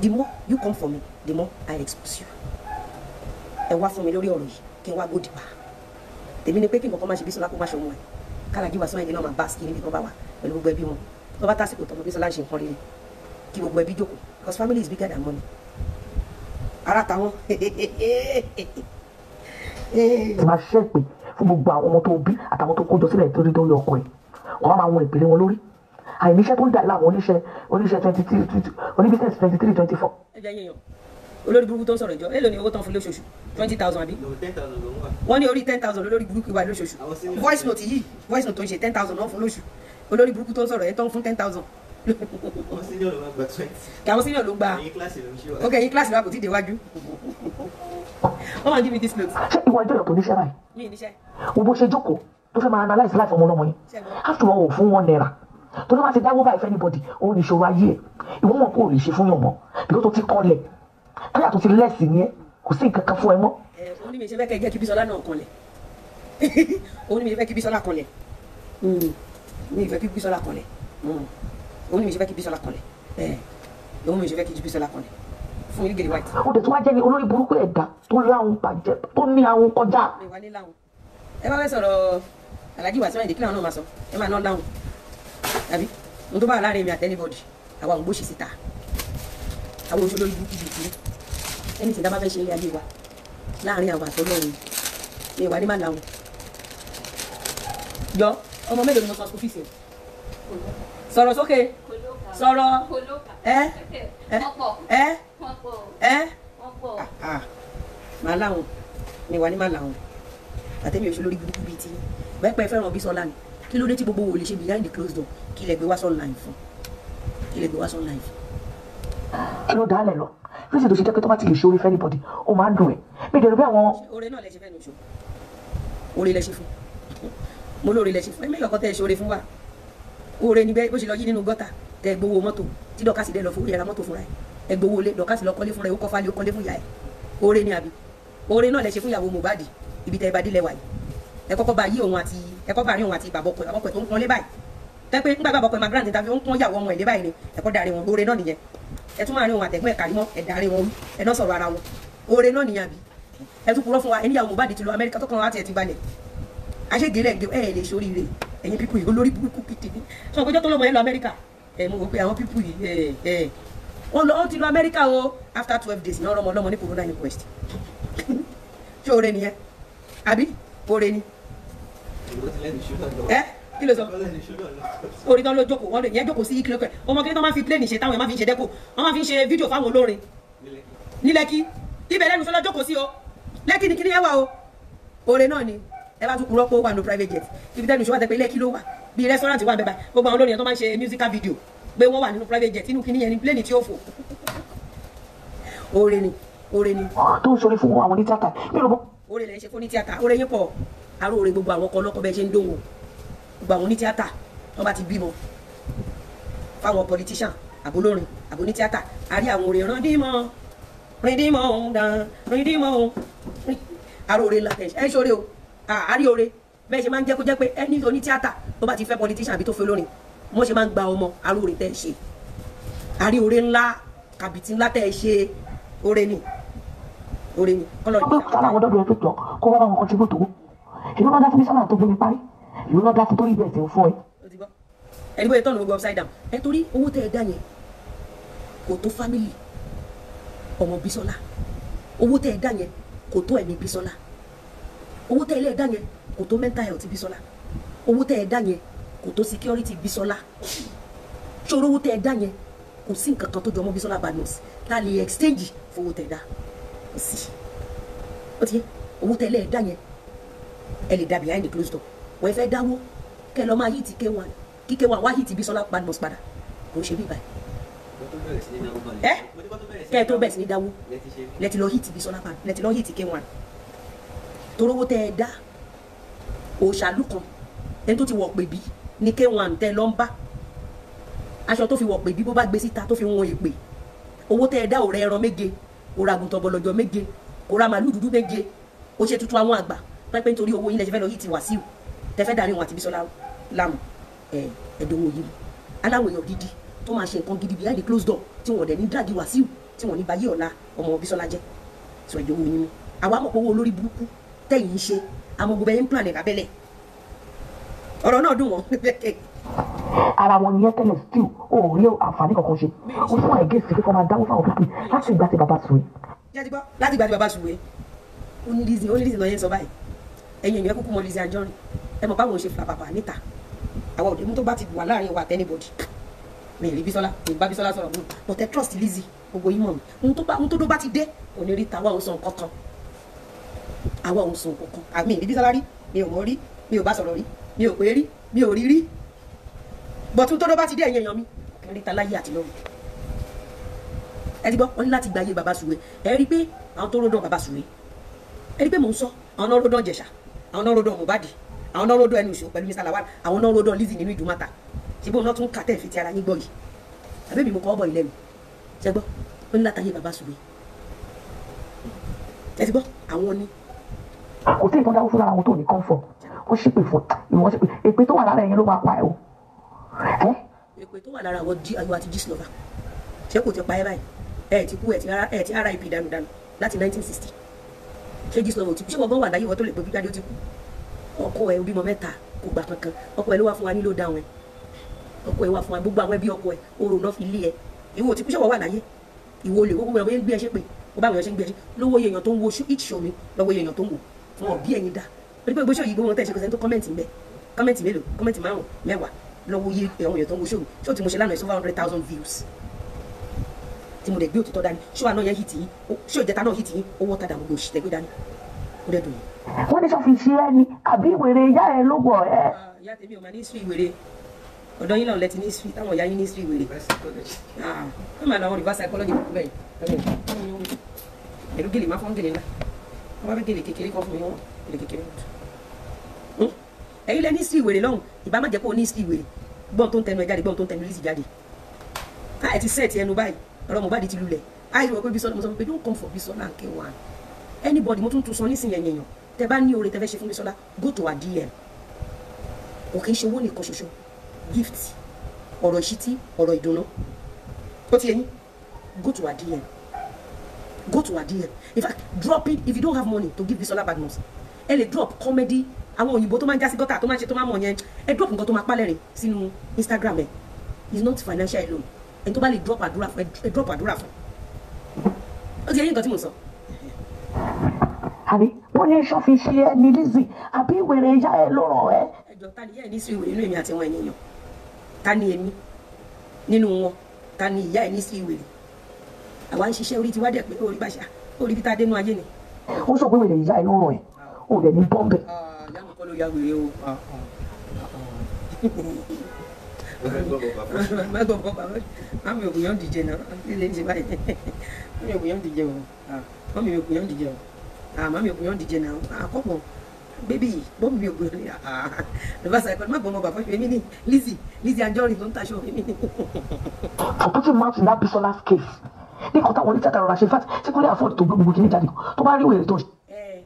the more you come for me the more I expose you ẹ wá fún mi lórí ọ̀rọ̀ yìí kí n wá gbòdìbà tèmi ni pé kí nǹkan kan má ṣe bí sọlá kó má ṣe ọmọ ẹ kálájú wàásù ẹni náà máa bá sí níbi tó bá pẹ̀lú gbogbo ẹbí wọn tó bá tásìkò tó gbé sọlá ń ṣe nǹkan rere kí gbogbo ẹbí jókòó because family is bigger than money ara táwọn. máa ṣẹ́pẹ̀ fún gbogbo àwọn ọmọ tó bí àtàwọn tó kójọ sílẹ̀ tó ń ọkọ ẹ̀ wọ́n máa wọn ìpínlẹ̀ wọn lórí àìníṣẹ́ tó ń dà láàmú oníṣẹ́ oníṣẹ́ twenty three twenty four. ẹ jẹ́ yẹn olórí burúkú tó ń sọ̀rọ̀ ìjọ èlò ni owó tán fún lóṣooṣù twenty thousand àbí. wọ́n ní orí ten thousand olórí burúkú wà lóṣooṣù voice note yìí voice note tó ń ṣe ten thousand náà fún lóṣù olórí burúkú tó ń sọ̀rọ̀ ẹ̀ tán fún ten thousand. àwọn senior ló gba twenty. kí àwọn senior ló gba ok yín kíláàsì wa kò tí ì déwájú. wọ́n máa ń gíbi disclose. ṣé ìwọ ẹjọ́ ìyọ̀pọ̀ oníṣẹ́ báyìí. mi ì níṣẹ́. wo bó ṣe jókòó tó fẹ́ máa analyse life ọmọ ọlọ́mọ yẹn after all fún one naira tó ló bá ti dáwọ́ báyìí fẹ́ anybody ó ní ìṣòro ayé ẹ̀ ìwọ́n mọ̀ kó o lè ṣe fún yàn mọ́ bí ó tó ti kọ́ lẹ̀ káyà tó ti lẹ́sì ni ẹ kò sí nǹkan kan fún ẹ mọ́. òun ni mi ṣe fẹ́ kẹ́ jẹ́ kí Bísọ́lá náà kanlẹ̀ òun ni mi ṣe fẹ́ kí Bísọ́lá kanlẹ̀ hmm, mi ìfẹ́ kí Bísọ́lá kanlẹ̀ hmm, òun ni mi ṣe fẹ́ kí Bísọ́lá kanlẹ̀ òun ni mi ṣe fẹ́ kí Bísọ́lá kanlẹ̀ fún ilé gèrè white. ó dẹ̀ tó wá jẹ́ ni olórí burúkú ẹ̀dá tó láwọn bàjẹ́ tó ní àwọn kọjá. ẹ bá fẹ́ sọ̀rọ̀ alájí wàásù ẹ̀dẹ̀ kí làwọn náà máa sọ ẹ máa ná láwọn àbí n tó bá láàrin mi àtẹ́nibọ̀dì àwọn ògbóṣì síta àwọn òṣèlú olórí burúkú bìbí ẹni tí dábàá fẹ́ ṣe ilé ayé wa láàrin àwọn àtọ́lọ́run ni ìwà ní má làwọn yọ ọmọ mélòó ni mo sọ school fees yẹn sọ̀rọ̀ sókè sọ̀rọ̀ ẹ ẹ ẹ ẹ màá làwọn ni ìwà ní má làwọn àtẹ́mi òṣèlú lórí burúkú bíi ti bẹ́ẹ̀ pẹ́ fẹ́ràn bí sọ́lá ni kí ló dé tí gbogbo wo lè ṣe behind the closed door kí lè gbé wá sọ́ọ̀nù láì fún kí lè gbé wá sọ́ọ̀nù láì fún. kí ló dálẹ̀ lọ fèsì tó ṣe jẹ́ pé tó bá ti lè ṣe orí fẹ́ anybody ó máa ń dùn ẹ̀ mi dẹ̀rù bí àwọn. oore náà lẹ ṣe fẹ́ nu ṣo oore lẹ ṣe fún mo lóore lẹ ṣe fún ẹ mélòó kan tẹ ẹ ṣe oore fún wa oore ni bẹ́ẹ̀ bó ṣe lọ yí nínú gọ́tà tẹ gbowó mọ́tò tí dọ́kásì dẹ lọ fowó yẹra mọ́tò fúnra ẹ ẹ gbowó lé dọ́kásì lọ kọ́lé fúnra ẹ ó kọ́ fálẹ̀ ó kọ́lé fún ìyá ẹ oore ni àbí oore náà lẹ ṣe fún ìyàwó Mohbad ibi tẹ ẹ bá dé lẹwà yìí ẹ kọ́kọ́ bá ni ẹ kọ́ darí wọn oore náà nìyẹn ẹ tún máa rí wọn àtẹ̀gbọ́n ẹ̀ka rímọ́ ẹ̀dá rí wọn ẹ̀ sọ̀rọ̀ ara wọn oore náà nìyàn bí ẹ tún purọ́ fún wa ẹníyàwó Mohbad ti lọ Amẹ́ríkà tó kàn wá ti balẹ̀ aṣègèrè ẹ̀ ẹ̀ lè ṣoríire ẹ̀yin pípù yìí olórí burúkú kìtì ní sọ pé jọ́tọ́ lọ́mọ yẹn lọ Amẹ́ríkà ẹ̀ mo wò pé àwọn pípù yìí ẹ̀ ẹ̀ wọ́n lọ ti lọ Amẹ́ríkà wọn after twelve days náà rọmọ lọ́mọ ní corona inquest ṣé oore nìyẹn àbí oore ni. ẹ kí ló sọ orí tán ló jókòó wọn yẹn jókòó sí ìkìlọ̀ pẹ̀ ọmọ kí ni tán máa fi plane ṣe táwọn ẹ̀ máa fi ń ṣe dẹ́kò wọ́n máa fi ń ṣe fídíò fáwọn olórin ní lẹ́kí ibẹ̀ lẹ́nu sọ́lá jókòó sí o lẹ́kí ni kíní yẹn wà o oore náà ni ẹ bá tún kúrọ́ pé ó wà no private jet ibi tẹ́nu ìṣòwò àti pé lẹ́kí ló wà bí restaurant wà bẹ́ẹ̀ gbogbo àwọn olórin yẹn tó máa ń ṣe musical video pé wọ́n wà nínú private jet inú kíní yẹn ni plane tí ó fò oore ni oore ni. tó ń sọrí fún àwọn onítìátà bí olùbọ. oore lẹ́yìn ṣe fún onítìátà oore yín pọ̀ àrò oore gbogbo àwọn ọkọ̀ ọlọ́kọ̀ bẹ́ẹ̀ ṣe ń gbogbo àwọn onítíátà wọn bá ti bímọ fáwọn politician àbólórin àbónítíátà àrí àwọn orin randímọ rindímọ dán rindímọ àrò orin la ẹ ṣoore o àárí oore bẹ́ẹ̀ ṣe máa ń jẹ́ kó jẹ́ pé ẹni onítíátà tó bá ti fẹ́ politician àbí tó fẹ́ olórin wọ́n ṣe máa ń gba ọmọ àrò orin tẹ́ ẹ ṣe àrí oore ńlá kàbìtì ńlá tẹ́ ẹ ṣe oore ni oore ni. ọlọ́run. ọgbẹ́ òkúta àwọn dọ́dọ̀ ẹ̀ tó jọ kó wọ́n bá wọn kọjú bó tó wọ́n èmi máa dá fún mi sọ́nà tó gbé mi parí ìwé náà dákú torí bẹ́ẹ̀ tí ń fọ́ ẹ. ẹni bóyá tọ́nù gbogbo upside down ẹ torí owó tẹ ẹ dá yẹn kò tó family ọmọ Bísọ́lá owó tẹ ẹ dá yẹn kò tó ẹ̀mí Bísọ́lá owó tẹ ẹ dá yẹn kò tó mental health Bísọ́lá owó tẹ ẹ dá yẹn kò tó security Bísọ́lá ṣòro owó tẹ ẹ dá yẹn kò sí nǹkan kan tó jọ ọmọ Bísọ́lá badmus tá lè exchange fowó tẹ ẹ dá kò sí ó ti yẹ owó tẹ ẹ dá yẹn ẹ lè dà behind the closed door wẹ́ẹ́ fẹ́ dáwó kẹ́ lọ́ọ́ máa yí ti kéwà kí kéwà wá yí ti Bísọ́lá Badmus padà kò ṣe bí báyìí. ẹ kẹ́ ẹ tó bẹ̀rẹ̀ sí ní dáwó lẹ́tí lọ́ọ́ yí ti Bísọ́lá Badmus lẹ́tí lọ́ọ́ yí ti kéwà torówó tẹ́ ẹ dá òṣàlù kan ẹni tó ti wọ̀ pè bí ní kéwà tẹ́ lọ́ ń bá aṣọ tó fi wọ̀ pè bí bó bá gbé síta tó fi wọn èpè owó tẹ́ ẹ dá òrẹ́ ẹran méje òrà bọ̀lọ̀jọ̀ méje òrà méje ó ṣe tuntun àwọn àgbà pẹ́pẹ́ nítorí owó yín lẹ́sẹ̀ fẹ́ lọ yìí ti wà síù tẹ́fẹ́ darí wọn àti Bísọ́lá láàmú ẹ̀dọ́wọ́ yìí mu aláwọ̀ èèyàn gidi tó máa ṣe nǹkan gidi behind the closed door tí wọ́n dẹ̀ ní dragi Wàsíù tí wọ́n ní bayé ọ̀la ọmọ Bísọ́lá jẹ́ sọ ẹ̀dọ́wọ́ yìí mu àwa mọ̀ pé owó olórí burúkú tẹ̀yìn ń ṣe àmọ́ gbogbo ẹ̀yìn plan ẹ̀ka ọ̀rọ̀ náà dùn wọ́n ara wọn ni yẹtẹlẹ still o ò rí àǹfààní kankan ṣe o fún àìgẹ́sì fífọ́ máa dáwọ́ fáwọn pípé láti ìgbà tí bàbá sùwé. láti ìgbà tí bàbá sùwé ó ní Lizzy ó ní Lizzy lọ yẹn sọ báyìí ẹ̀yin èèyàn kúkú mọ Lizzy Anjorin ẹ mọ̀ báwo ṣe flababa níta àwa òde mú tó bá ti wà láàrin wa tẹ́nibọ̀dì mi ì rí Bísọ́lá mi ì bá Bísọ́lá sọ̀rọ̀ mi but ẹ trust Lizzy gbogbo yín mọ̀ mi ohun tó dó bá ti dé kò ní rí ta àwa ò sọ nǹkan kan àwa ò sọ nǹkan kan àmì ì rí Bísọ́lá rí mi ò mọ̀ rí mi ò bá sọ̀rọ̀ rí mi ò pé rí mi ò rí rí but ohun tó dó bá ti dé ẹ̀yẹ̀ yàn mi kò ní rí ta láyé àti lọ́run ẹ ti gbọ́ wọn ní láti gba ayé baba sùwé ẹ rí i pé àwọn tó ròdàn baba sùwé ẹ rí i pé mò ń sọ àwọn náà ròdàn jẹ̀ṣà àwọn náà ròdàn Mohbad àwọn náà ròdò ẹni òṣòwò pẹ̀lú Mr Lawal àwọn náà ròdò Lizzy nínú ìdúmọ̀ta ṣe bóun náà tún kà tẹ́ẹ̀ fi ti ara yín gbọ́ yìí àbí mi mo kọ́ ọ́ bọ̀ ilé mi ṣe gbọ́ ó ní látàyè bàbá sùgbé ẹ ti gbọ́ àwọn ni. kò sí ìtọ́jú awúfúnra àwọn tó ní comfort wọ́n ṣépè fún ìwọ́n ṣépè èpè tó wà lára ẹ̀yìn ló máa pa ẹ̀ o. èpè tó wà lára àwọn jí ayọ̀ àti jí sinova ṣé kò ti pa ẹ báyìí ẹ ti kú ẹ ti ara ìpè 1960 ṣé jí sinova ò ti kú ṣé wọ́n gbọ́n wà láyé wọ́n tó lè gbé bí ọkọ ẹ obìmọ mẹ́ta kò gbà kankan ọkọ ẹ ló wá fún wa nílò dáhùn ẹ ọkọ ẹ wá fún wa gbogbo àwọn ẹbí ọkọ ẹ òrò náà fi lé ẹ ìwọ ti kúṣọwọ wà láyé ìwọ lè gbogbo ẹgbẹ gbé ẹṣẹ pé ó bá àwọn ẹṣẹ ń gbé ẹṣẹ lówó iye èèyàn tó ń wo ìṣọ mi lọ́wọ́ iye èèyàn tó ń wò fún ọbí ẹyin dá pẹ̀lú pé gbóṣọ yìí gbogbo tẹ ẹ ṣe kọsẹ tó kọmẹǹtì mbẹ kọmẹǹtì mélòó kọmẹǹtì márùn mẹ́wàá lọ́wọ́ iye àwọn èèyàn tó ń wo ṣòwò ṣòwò ti mo ṣe lánàá ìṣòwò one hundred thousand views tí mo dẹ̀ gbé òtítọ́ dání ṣòwò àná yẹn hìtì yín ṣòwò ìjẹta náà hìtì yín owó ọ̀tàdà gbogbo òṣìṣẹ́ gbé dání ó dẹ̀ dùn yìí wọ́n ní sọ́fíìsì ẹ ni àbí ìwèrè ìyá ẹ ló gbọ̀ ẹ. Ah, ìyá tèmi ò máa ní sùn ìwèrè ọ̀dọ́ yín náà lẹ́tí ní sùn táwọn ìyá yín ní sùn ìwèrè. ẹ ah, máa lọ àwọn reverse psychology kúkú bẹ́ẹ̀ pẹ̀lú gèlè máa fọ́n gèlè ńlá wọ́n fẹ́ gèlè kékeré kan fún mi wọ́n gèlè kékeré mọ́tò. Hmm? ẹ̀yin lẹ ní sùn ìwèrè lọ́hùn ìbá má jẹ́ kó ní sùn ìwèrè gbọ́n tó ń tẹnu ẹ̀ jáde gbọ́n tó ń tẹnu lísì jáde. káyọ̀ ah, ti sẹ́ẹ̀tì ẹnu báyìí ọ̀rọ̀ Mohbad ti lulẹ̀ àìsàn wọ̀ pé Bísọ́lá mo sọ pé don't come for Bísọ́lá and k1 anybody mo tún tún sọ nísìnyẹn yẹn tẹ bá ní oore tẹ fẹ́ ṣe fún Bísọ́lá go to her DM kò kí n ṣe owó nìkan ṣoṣo gift ọ̀rọ̀ ìṣítí ọ̀rọ̀ ìdùnnú ó ti yẹn go to her DM go to her DM in fact drop it if you don't have money to give Bisola Badmus ẹ lè drop comedy àwọn òyìnbó tó máa ń já sí gọ́tà tó máa ń ṣe tó máa ń mọ̀ yẹn ẹ drop nǹkan tó máa pálẹ̀ rìn sínú Instagram ẹ it's not financial alone ẹni tó bá lè drop àdúrà fún ẹ drop àdúrà fún ó ti yẹ yín nǹkan tí mo sọ àbí wọ́n yẹ sọ́fi ṣe ẹ ní Lizzy àbí wèrè ìyá ẹ ló rọ̀ ẹ́. ẹjọ ta ni ìyá ẹ ní sí ìwé nínú èmi àti wọn ènìyàn ta ni èmi nínú wọn ta ni ìyá ẹ ní sí ìwé àwa ń ṣiṣẹ́ orí tiwa dẹ̀ pé orí bàṣà orí bí tá a dénú ayé ni. ó sọ pé wèrè ìyá ẹ ló rọ̀ ẹ́ o dẹ̀ ní bọ́m̀bẹ̀. Ah, ìyá mi kọ́ ló ya wèrè o ah, ah, má gbọ́ bọ́ bàbá má mi ò gbìyànjú jẹ náà ilé ń ṣe báyìí má mi ò gbìyànjú jẹ o má mi ò gbìyànjú jẹ o ah mami ògùnyàn díje náà ah kọ́pọ̀ bébì bọ́ọ̀mù mi ògùnyàn ni ah reverse psychology má bọ́ ọmọ bàbá èmi ni Lizzy Lizzy Anjorin ló ń taṣọ èmi ni. for putting mouth in that Bisola's case ní kọ́tà wọn ní tíátà rọra ṣe fat ṣé kò lè afford tó gbé gbogbo kìíní jáde tó bá rí wèrè tó. ẹ eh,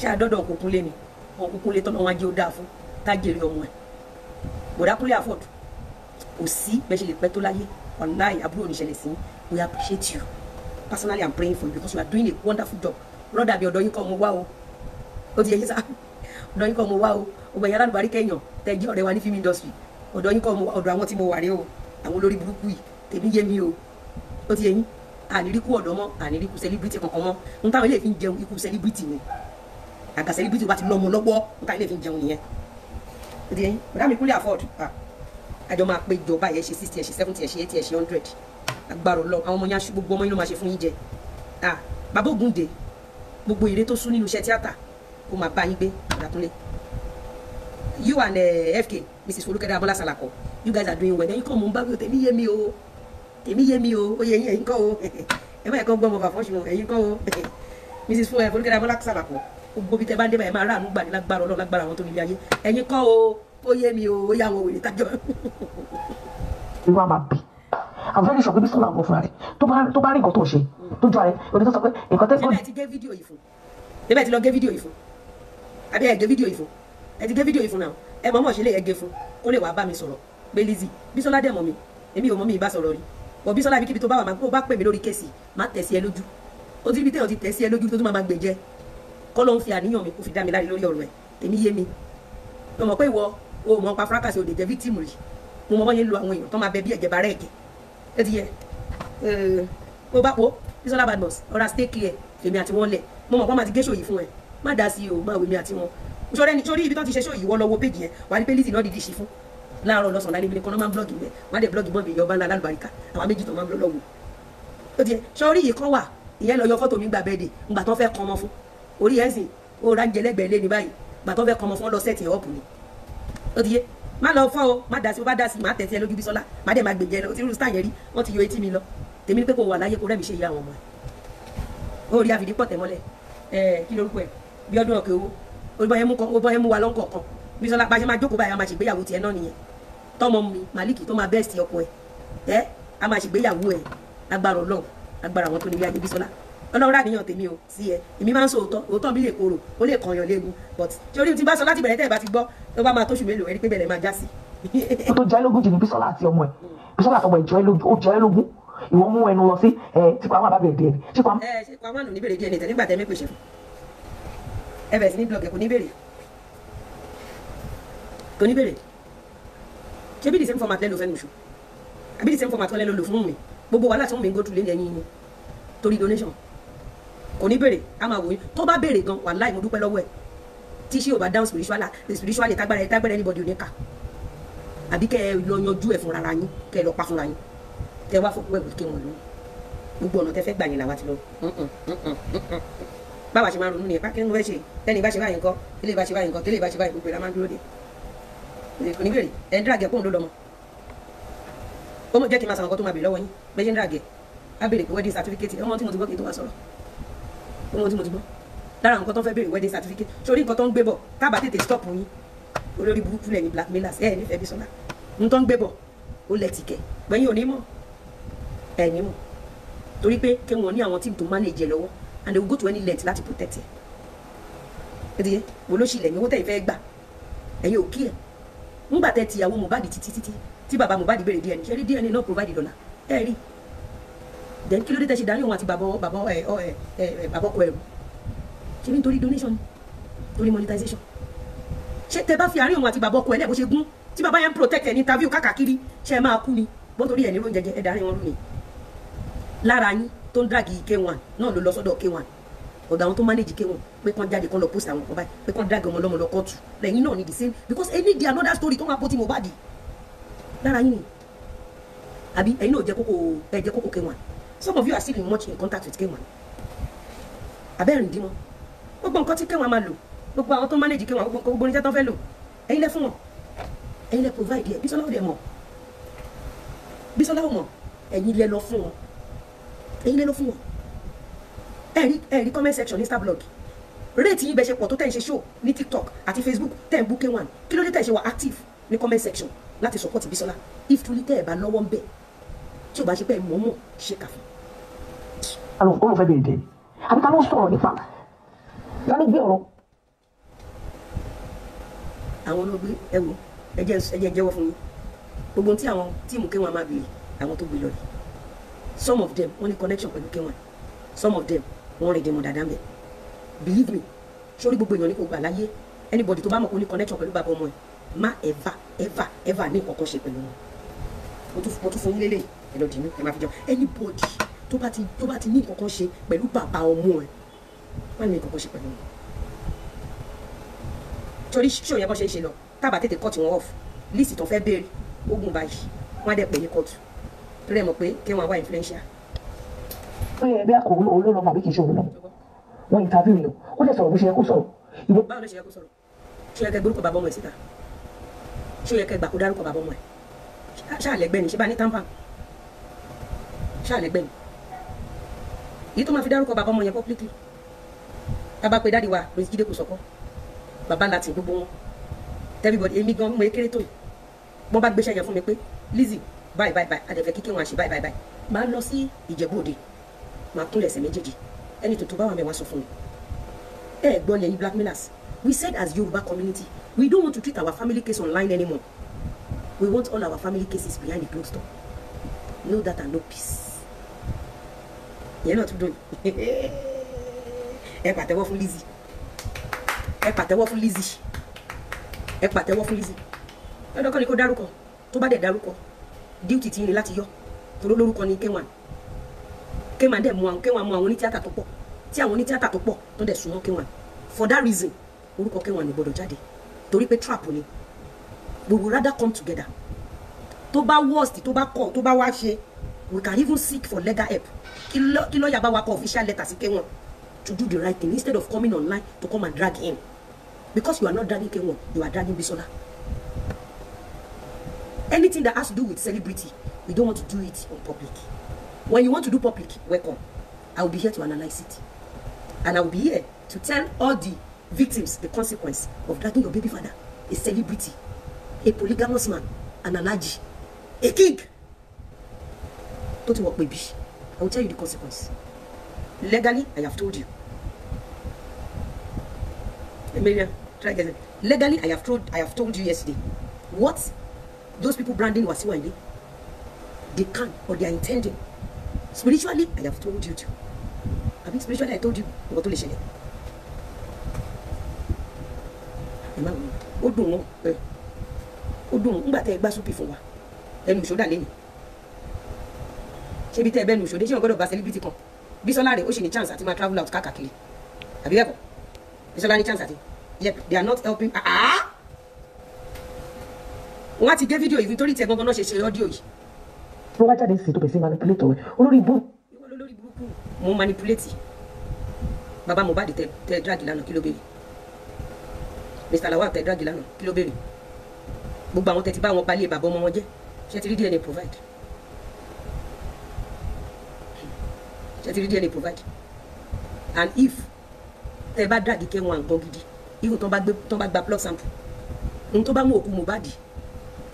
ṣé àdọ́dọ̀ òkùnkùnlé ni òkùnkùnlé tọ́nà wọn ajé ó dáa fún tájèrè ọmọ ẹ̀ bọ̀dákùnlé afford kò sí bẹ́ẹ̀ ṣe lè pẹ́ tó láyé ọ̀nà àbúrò oníṣẹ̀lẹ̀ sí we appreciate you personally i'm praying for you because you are doing a wonderful job rọ́dà bí ọ̀dọ̀ yín kọ́ mo wá o ó ti yẹ yín sá ọ̀dọ̀ yín kọ́ mo wá o ògbẹ̀yìn alálùbárí kẹ́yàn tẹ́ jí ọ̀rẹ́ wa ní film industry ọ̀dọ̀ yín kọ́ mo ọ̀dọ̀ àwọn tí mo wà rí o àwọn olórí burúkú yìí tèmi yé mi o ó ti yẹ yín àníríkù ọ̀dọ́ mọ́ àníríkù celebrity kankan mọ́ n táwọn ilé fi ń jẹun ikú celebrity ni àga celebrity bá ti lọ́mọ lọ́gbọ́ n táwọn ilé fi ń jẹun nìyẹn ó ti yẹ yín bàdá mi kúnlẹ̀ àjọ máa pé ìjọba yẹn ṣe sixty ẹ̀ ṣe seventy ẹ̀ ṣe eighty ẹ̀ ṣe hundred agbára Ọlọ́run àwọn ọmọ yẹn aṣọ gbogbo ọmọ yẹn ló máa ṣe fún yín jẹ bàbá Ògúndé gbogbo èrè tó sún nínú iṣẹ́ tíátà kó máa bá yín gbé Ọ̀dàkúnlé you and uh, eh, FK Mrs Folúkẹ́dé Abọ́lá Sàlàkọ you guys are doing well ẹ̀yin kò mú un bá tèmi yé mi o tèmi yé mi o ó yẹ ẹ̀yin kọ́ o ẹ má yẹ gbọ́ ọmọ bàfọ́ ṣùgbọ́n ẹ̀yin kọ́ o Mrs eh, Folúkẹ́dé Abọ́lá Sàlàkọ gbogbo bí tẹ bá ń dé báyìí máa ráàánú gbà ní lágbára Ọlọ́run lágbára àwọn tó nílé ayé ẹ̀yin kọ́ o ó yé mi o ó yá àwọn òwe i'm very sure pé bísí máa ń gbọ́ fúnra rẹ̀ tó bá rí nǹkan tó ń ṣe tó jọ ààrẹ òní tó sọ pé nǹkan tẹ́gbọ́n. ṣé bẹ́ẹ̀ ti gé fídíò yìí fún bẹ́ẹ̀ ti lọ gé fídíò yìí fún àbí ẹ̀ gé fídíò yìí fún ẹ ti gé fídíò yìí fún náà ẹ mọ̀ mọ̀ ṣe lè ẹ gé fún ó lè wàá bá mi sọ̀rọ̀ pé Lizzy Bísọ́lá dẹ̀ mọ̀ mi èmi ò mọ̀ mi ìbá sọ̀rọ̀ rí bọ̀ Bísọ́lá ibikíbi tó bá wà máa kó bá pè mí lórí kéèsì máa tẹ̀ sí ẹ lójú ó ti rí bí tẹ̀yàn ti tẹ̀ sí ẹ lójú tó tún máa gbèjẹ́ kọ́ ló ń fi àníyàn mi kó fi dá mi láre lórí ọ̀rọ̀ ẹ̀ èmi yé mi mo mọ̀ pé ìwọ o mọ̀ pa fracas òde jẹ́ fíìtìmù rí mo mọ̀ bọ́ yẹn lo àwọn èèyàn tó máa bẹ bí ẹ̀jẹ̀ bá rẹ̀ ẹ̀jẹ̀ ẹ ti yẹ mo bá po Bisola Badmus ọ̀rá stay clear èmi àti wọn lẹ̀ mo mọ̀ pọ́n máa ti gé ṣòyí fún ẹ má dá sí o má wèmi àti wọn sọ̀rọ̀ ẹni sórí ibi tó ti ṣe ṣòyí wọ́n lọ wo péjì yẹn wà á rí pé lizzy náà dìdí ṣe fún láàárọ̀ lọ́sàn-án láì níbi kan náà máa ń blọ́ọ̀gì mẹ́ wọ́n á dẹ̀ blọ́ọ̀gì mọ́ mi ìyọba ńlá lálùbáríkà àwọn méjì tó máa ń blọ́ọ̀gì ó ti yẹ sọrí yìí kan wà ìyẹn lọ yọ fọ́tò mi gbà bẹ́ẹ̀ dè ńgbà tó fẹ́ kan ọmọ fún orí má lọ fọ́ o má dá sí o bá dá sí má tẹ̀sí ẹ lójú bí sọlá má dẹ̀ má gbèjẹ lọ tí irú star yẹn rí wọ́n ti yọ etí mi lọ tèmi ni pé kò wà láyé kó rẹ́mi ṣe ìyá àwọn ọmọ ẹ̀ ó rí àfìdí pọ̀ tẹ̀mọ́lẹ̀ ẹ̀ kí lorúkọ ẹ̀ bí ọdún ọ̀kẹ́ owó olùbọ̀ yẹn mú wa lọ́nkọ̀ọ̀kan bí sọlá bá ṣe máa jókòó báyìí máa ṣègbéyàwó tiẹ̀ náà nìyẹn tọmọ mi malik tó máa bẹ́ẹ̀sì ọkọ ẹ̀ ẹ́ a máa ṣègbéyàwó ẹ̀ agbára ọlọ́run agbára àwọn tó nílé ajé bí ọlọ́run àníyàn tèmi o sí ẹ èmi máa ń sọ òótọ́ òótọ́ mi lè korò ó lè kàn yàn but torí ti bá sọ láti bẹ̀rẹ̀ tẹ́ ẹ bá ti gbọ́ ló bá máa tóṣù mélòó ẹni pé bẹ̀rẹ̀ máa já sí. ó tó jẹ́ lógún jù ní Bísọ́lá àti ọmọ ẹ̀ Bísọ́lá àtọmọ ẹ̀ jọ ẹ́ lógún ìwọ mú ẹnu lọ sí ẹ tipa àwọn àbábẹ̀ ẹ̀dẹ̀ tipa. ẹ ṣe pa mánu níbèrè díẹ̀ nìtẹ̀ nígbà tẹ́ mi pèsè fún ẹ bẹ̀rẹ̀ sí ní blọọgì kò níbèrè kò níbèrè ṣé bí the same format lẹ́nu fẹ́ nu gbogbo wàhálà tí wọ́n mi ń gbótú lé ní ẹ̀yìn ni torí donation kò ní béèrè á máa wò yín tó bá béèrè gan wàláì mo dúpẹ́ lọ́wọ́ ẹ̀ tí ṣé ò bá dáhùn spiritual spiritual ìtagbára ìtagbára anybody ò ní kà àbí kẹ́ ẹ lọ yanjú ẹ̀ fúnra ara yín kẹ́ ẹ lọ pa fúnra yín kẹ́ ẹ wá fún wẹ́ẹ̀bù kí wọ́n lò gbogbo ọ̀nà tẹ́ fẹ́ gbà yín làwa ti lọ báwa ṣe máa ronú nìyẹn pákínú fẹ́ ṣe tẹ́ni bá ṣe báyìí nǹkan tẹ́lẹ̀ bá ṣe báyìí nǹkan tẹ́lẹ̀ bá ṣe báyìí gbogbo ìlà máa ń dúró dé oníbèrè ẹ̀ ń dàgẹ̀ pọ́ùn ló lọ́mọ ó mọ̀ jẹ́ kí n máa sàwọn nǹkan tó máa bèrè lọ́wọ́ yín bẹ́ẹ̀ ṣe ń dàgẹ̀ á bèrè pé wedding certificate ọmọ tí mo ti gbọ́ kí n tó wá sọ̀rọ̀ ohun tí mo ti gbọ́ lára nǹkan tó ń fẹ́ béèrè wedding certificate sórí nǹkan tó ń gbé bọ̀ kábà tètè stop yín olórí burúkú lẹ́yìn blackmailers ẹ̀ nífẹ̀ẹ́ Bísọ́lá ohun tó ń gbé bọ̀ ó lẹ́tìkẹ̀ gbẹ̀yìn onímọ̀ ẹ̀ nímọ̀ torí pé kí wọ́n ní àwọn tíìmù tó manage ẹ̀ lọ́wọ́ and they will go to any length láti protect ẹ̀ ẹ̀dìyẹ wo ló ṣílẹ̀ ní owó tẹ̀yìn fẹ́ gbà ẹ̀yin ò kí ẹ̀ ńgbà Ti tìyàwó Mohbad títí títí tí bàbá Mohbad béèrè DNA ṣe rí DNA náà provide dọ́là ẹ̀ rí then kí ló dé tẹ́ ṣe darí òun àti bàbá bàbá ẹ ẹ bàbá ọkọ ẹrù ṣé bí nítorí donation torí monetization ṣé tẹ́ bá fi àárín òun àti bàbá ọkọ ẹ lẹ́ẹ̀ bó ṣe gún tí bàbá yẹn ń protect ẹ ní interview káàkiri ṣe é máa kú ni bó torí ẹ ní ló ń jẹjẹ ẹ darí wọn lónìí lára yín tó ń dragi k1 náà ló lọ sọ́dọ̀ k1 ọ̀dọ̀ àwọn tó manage k1 pé kán jáde kán lọ post àwọn ọba pé kán dragi ọmọ ọlọ́mọ lọ kóòtù lẹ́yìn náà ní the because any day another story tó máa bó ti Mohbad lára yín ni àbí ẹ̀yin náà jẹ́ kókó ẹ jẹ́ kókó k1 some of you are still in much in contact with K1 abẹ́rìn dímọ́ gbogbo nǹkan tí K1 máa lò gbogbo àwọn tó manage K1 gbogbo gbogbo oníjẹ́ tó fẹ́ lò ẹ̀yin lẹ fún wọn ẹ̀yin lẹ provide ẹ̀ Bísọ́lá ò dẹ̀ mọ̀ Bísọ́lá ò mọ̀ ẹ̀yin lẹ lọ fún wọn ẹ̀yin lẹ lọ fún wọn ẹ̀rí ẹ̀rí comment section insta blog rate yín bẹ ṣe pọ̀ tó ṣe show ni tiktok àti facebook tẹ̀ ń bú Kilo 1 kí ló ṣe wà active ni comment section láti support Bisola. if truly tẹ́ ẹ̀ bá lọ́wọ́ ń bẹ̀ tí o bá ṣe pé mọ̀ ṣe kà fún. àlọ́ òun fẹ́ bẹ̀rẹ̀ jẹ́ àbí ta ló ń sọ̀rọ̀ nípa lálẹ́ gbé ọ̀rọ̀. àwọn olóògbé ẹ wo ẹ jẹ́wọ́ fún yín gbogbo tí àwọn tíìmù kéwọn máa bèrè àwọn tó gbé lọ rè some of them wọ́n ní connection pẹ̀lú kéwọn some of them wọ́n rìn dèmọ̀ dáadáa mẹ́ believe me sórí gbogbo èèyàn ní kò gbà láyé anybody tó bá mọ̀ kó ní connection pẹ̀lú bàbá ọmọ ẹ̀ má ever ever ever ní nǹkan kan ṣe pẹ̀lú wọn mo tún fún yín lélẹ́yìí ẹ lọ dì mú ẹ máa fi jọ anybody tó bá ti tó bá ti ní nǹkan ṣe pẹ̀lú bàbá ọmọ ẹ má ní nǹkan ṣe pẹ̀lú mi torí ṣíṣò yẹn bọ́ ṣe é ṣe lọ tábà tètè cut wọn off list tó fẹ́ béèrè ogun báyìí wọ́n á dẹ̀ pè ní kóòtù torí ẹ mọ̀ pé kí wọ́n wá influential. ó yẹ ẹgbẹ́ àkókò olóró ọmọ àbí kì í ṣe òun lọ wọ́n interview yàn ó dẹ̀ sọ̀rọ̀ bó ṣe yẹ kó sọ̀rọ̀. báwo ló ṣe yẹ kó sọ̀rọ̀ ṣó yẹ kẹ́ gbórúkọ bàbá ọmọ ẹ̀ síta ṣó yẹ kẹ́ gbà kó dárúkọ bàbá ọmọ ẹ̀ ṣáà lẹ́gbẹ́ ni ṣé bá ní tampa ṣàlẹ́gbẹ́ mi èyí tó máa fi dárúkọ bàbá ọmọ yẹn publicly bàbá pé dáàdi wa prince jíde kò sọkọ bàbá latin gbogbo wọn everybody èmi gan mo kéré tó yìí wọn bá gbéṣẹ́ yẹn fún mi pé Lizzy báyìí báyìí báyìí adẹ̀fẹ́ kíkẹ́ wọn àṣì báyìí báyìí báyìí máa lọ sí Ìjẹ̀bú Òde máa kúnlẹ̀ ẹsẹ̀ méjèèjì ẹni tuntun báwa mẹ́wàá sọ fún mi ẹ gbọ́ ni ẹ̀yin blackmailers we said as Yoruba community we don't want to treat our family case online anymore we want all our family cases behind the closed door know that and know peace ìyẹn náà tún dùn ẹ pàtẹ́wọ́ fún Lizzy ẹ pàtẹ́wọ́ fún Lizzy ẹ pàtẹ́wọ́ fún Lizzy lọ́dọ̀ kan ni kó dárúkọ tó bá dẹ̀ dárúkọ díútì tí ń le láti yọ toró lórúkọ ni K1 K1 dẹ̀ mú àwọn K1 mú àwọn onítíátà tó pọ̀ tí àwọn onítíátà tó pọ̀ tó dẹ̀ súnmọ́ K1 for that reason orúkọ K1 ni gbọ́dọ̀ jáde torí pé trap ni we will rather come together tó bá worst tó bá kọ̀ tó bá wá ṣe we can even seek for legal help kí lọ́ọ̀yà bá wa official letter sí k to do the right thing instead of coming online to come and drag him because you are not dragging k you are dragging Bisola anything that has to do with celebrity we don't want to do it on public when you want to do public welcome I will be here to analyse it and I will be here to tell all the victims the consequence of dragging your baby father a celebrity a polygamous man an alhaji a king tó ti wọ̀ pé bí I will tell you the consequence legally I have told you Miriam try again legally I have told I have told you yesterday what those people branding Wasiu Ayinde they can or they are intending spiritually I have told you too I mean spiritually I told you nǹkan tó lè ṣẹlẹ̀ ó dùn wọn ó dùn wọn nígbà tẹ ẹ gbá súpì fún wa ẹnu ìṣòdà lẹ́yìn ṣebí tẹ́ ẹ bẹ́ẹ̀ ní òṣòdì wọn gbọ́dọ̀ gba celebrity kan Bísọ́lá rẹ̀ ó ṣì ní chance àti máa travel out káàkiri àbí bẹ́ẹ̀ kọ́ Bísọ́lá ní chance àti yep they are not helping ah, ah! wọ́n á ti gé fídíò yìí nítorí tí ẹ̀gbọ́n náà ṣe ṣe ọ́díò yìí. wọ́n wá jáde sí ìtòbẹ̀sí manipulate ọ̀rẹ́ olórí burúkú. olórí burúkú mo manipulate baba Mohbad tẹ tẹ drag lánàá kí ló béèrè Mr Lawal tẹ drag lánàá kí ló béèrè gbogbo àwọn tẹ ti bá wọn balẹ̀ bàbá ọmọ wọn jẹ́ ṣé ti rí DNA provide. ṣètì rí DNA provide and if tẹ bá drag kẹ wọn àǹkan gidi even tán bá gbé tán bá gba blood sample ohun tó bá mú òkú Mohbad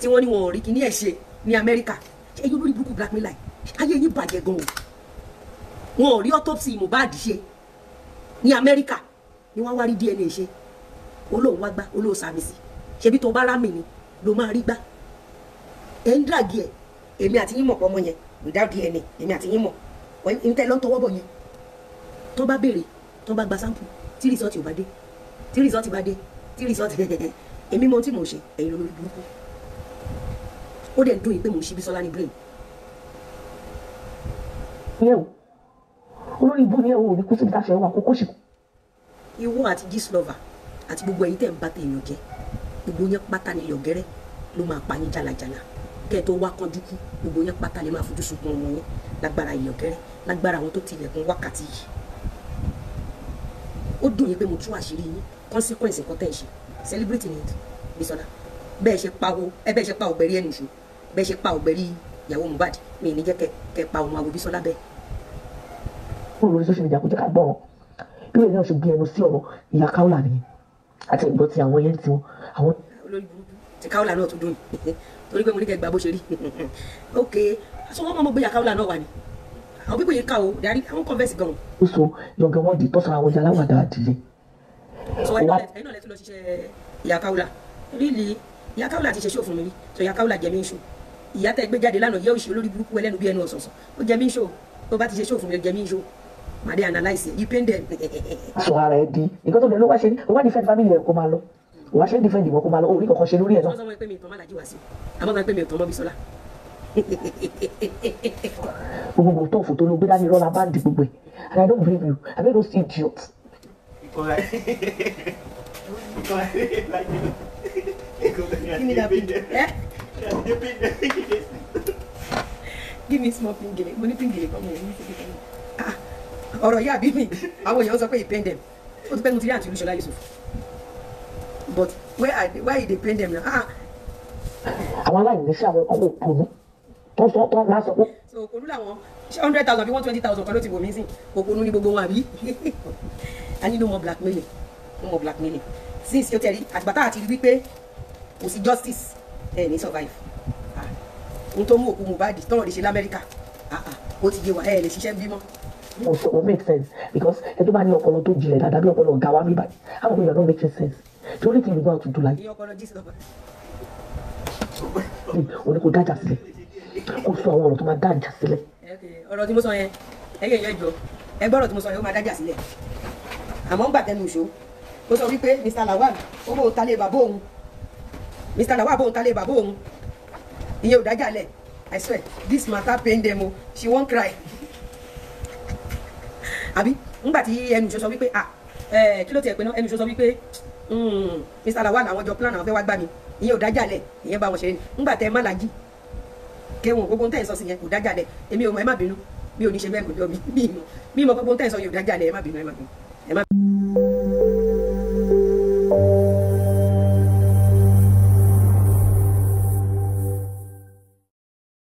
tí wọ́n ní wọn ò rí kíní ẹ̀ ṣe ní America. ẹ̀yin olórí burúkú blackmail line ayé yín bàjẹ́ gan o wọn ò rí autopsy Mohbad ṣe ní America. ni wọ́n wá rí DNA ṣe olóhùn wá gbá olóhùn sàmì sí ṣebí tó bá rámì ni ló máa rí gbá ẹ̀ ń drag ẹ̀ èmi àti yín mọ̀ pọ̀ ọmọ yẹn without DNA èmi àti yín mọ̀ ìtẹ́ ló ń tọwọ́ bọ̀ yẹn tó bá béèrè tó bá gba sample tí result ò bá dé tí result bá dé tí result èmi mo tí mo ṣe ẹ̀yin lórí burúkú ó dẹ̀ ń dún ìpè mo ṣe Bísọ́lá ní brain. ìyẹn o olórí ibú ni o ò ní kú síbi táṣọ ẹwà kókó ṣì. ìwọ àti gist lover àti gbogbo ẹ̀yin tẹ́ ń bá tèèyàn jẹ gbogbo yẹn pátá ni yọ̀gẹ́rẹ́ ló máa pa yín jálajàla kẹ́ ẹ tó wá kánjú kú gbogbo yẹn pátá lè máa fojú sunkún ọmọ yẹn lágbára yọ̀gẹ́rẹ́ lágbára àwọn tó ti ilẹ̀kùn wákàtí yìí ó dùn mí pé mo tú àṣírí yín consequence nǹkan tẹ̀ ń ṣe celebrate ni Bisola bẹ́ẹ̀ ṣe pa o ẹ eh, bẹ́ẹ̀ ṣe pa ògbẹ́rí ẹnu ṣù bẹ́ẹ̀ ṣe pa ògbẹ́rí ìyàwó Mohbad mi ní jẹ́ kẹ pa ọmọ àwọn Bisola bẹ́ẹ̀. ó lórí social media kò jẹ́ ká gbọ́ wọn bí wọ́n náà ṣe gbé ẹnu sí ọ̀rọ̀ ìyá Kaola nìyẹn àti ìgbọ́ ti àwọn yẹn ti wọn àwọn. ti Kaola náà tún dùn torí pé mo ní kẹ́ gbà bó ṣe rí ok so wọ́n mọ̀ mọ́ gbé ìyá Kaola náà àwọn pípọ̀ yẹn ká o darí àwọn converse gan. ó sọ yọ̀ǹgẹ̀ wọn di tọ́sán àwọn yàrá wàdà àdìyẹ. sọ ẹ̀yin náà lẹ tún lọ ṣiṣẹ́ ìyá káwùlà rílì ìyá káwùlà ti ṣe ṣó fún mi rí sọ ìyá káwùlà jẹ mí ń ṣó ìyá tẹ gbé jáde lánàá yẹ òṣì olórí burúkú ẹlẹ́nu bí ẹnu ọ̀sọ̀ọ̀sọ̀ ó jẹ mí ń ṣó tó bá ti ṣe ṣó fún mi jẹ mí ń ṣó màdé analyse you pain them. sọ ara ẹ di nǹkan tó lè ló wá ṣe wá ní fẹ́ẹ́ family rẹ kó máa lọ wá ṣe ń defend ìwọ kó máa lọ orí kankan ṣe lórí ẹ náà. wọ́n sọ wọn pé mi ìtàn má lajú wá gbogbo tọ́ọ̀fù tó ló gbé dání rọ́lá bá ń di gbogbo ẹ̀ and I don't blame you I don't see idiot. give me small pingele mo ní pingele kan mo ní pingele kan ah, ọ̀rọ̀ yìí àbí mi àwọn èèyàn sọ pé he pain them ó ti pẹ́ mo ti rí àǹtí olúṣọlá yusuf but where i where he dey pain them now. Ah! àwọn aláìní sí àwọn ọkọ̀ òkú tó tó tó wá sọ pé. so òkòlù làwọn hundred thousand àbí one twenty thousand kan ló ti wò mí sìn òkòlù ní gbogbo wọn àbí a nílò mọ blackmail ló mọ blackmail since yóò tẹ̀lé àgbàtà àti rí wípé kò sí justice ẹ̀ ní survive Ah, n tó mú òkú Mohbad tọ́wọ́n lè ṣe lamẹ́ríkà ah, ah, ó ti yé wa ẹ̀ lè ṣiṣẹ́ bímọ. So, it make sense because ẹ tó bá ní ọpọlọ tó jinlẹ̀ dáadáa bí ọpọlọ ọ̀gá wa mi bàjẹ́ àwọn èèyàn náà make sense the only thing you know how to do like. ọpọlọ jísì lọ bá. o ní kò dájà sílẹ̀ kò sọ àwọn ọ̀rọ̀ tó máa dá sílẹ̀. ọ̀rọ̀ tí mo sọ yẹn ẹ̀yẹ̀ yẹn jọ ẹ gbọ́dọ̀ tí mo sọ yẹn ó máa dájà sílẹ̀ àmọ́ ń gbà tẹnu ìṣó ó sọ wípé Mr. Lawal ó bóun ta bàbá òun Mr. Lawal bóun ta bàbá òun ìyẹn ò dájà lẹ̀ I swear this matter pain dem o she wan cry àbí ńgbà tí ẹnu ìṣó sọ wípé ah kí ló tiẹ̀ pé náà ẹnu ìṣó sọ wípé hmm, Mr. Lawal àwọn jọ plan àwọn fẹ́ wá gbà mí ìyẹn ò dájà lẹ̀ ìyẹn bá wọn ṣe é nígbà kẹwọn gbogbo tẹ́ ẹ̀ sọ sí yẹn kò dájà lẹ̀ èmi ò mọ ẹ má bínú mi ò ní ṣe bẹ́ẹ̀ kò jọ mi mi mọ mi mọ gbogbo tẹ́ ẹ̀ sọ yẹn kò dájà lẹ̀ ẹ má bínú ẹ má bínú ẹ má bínú.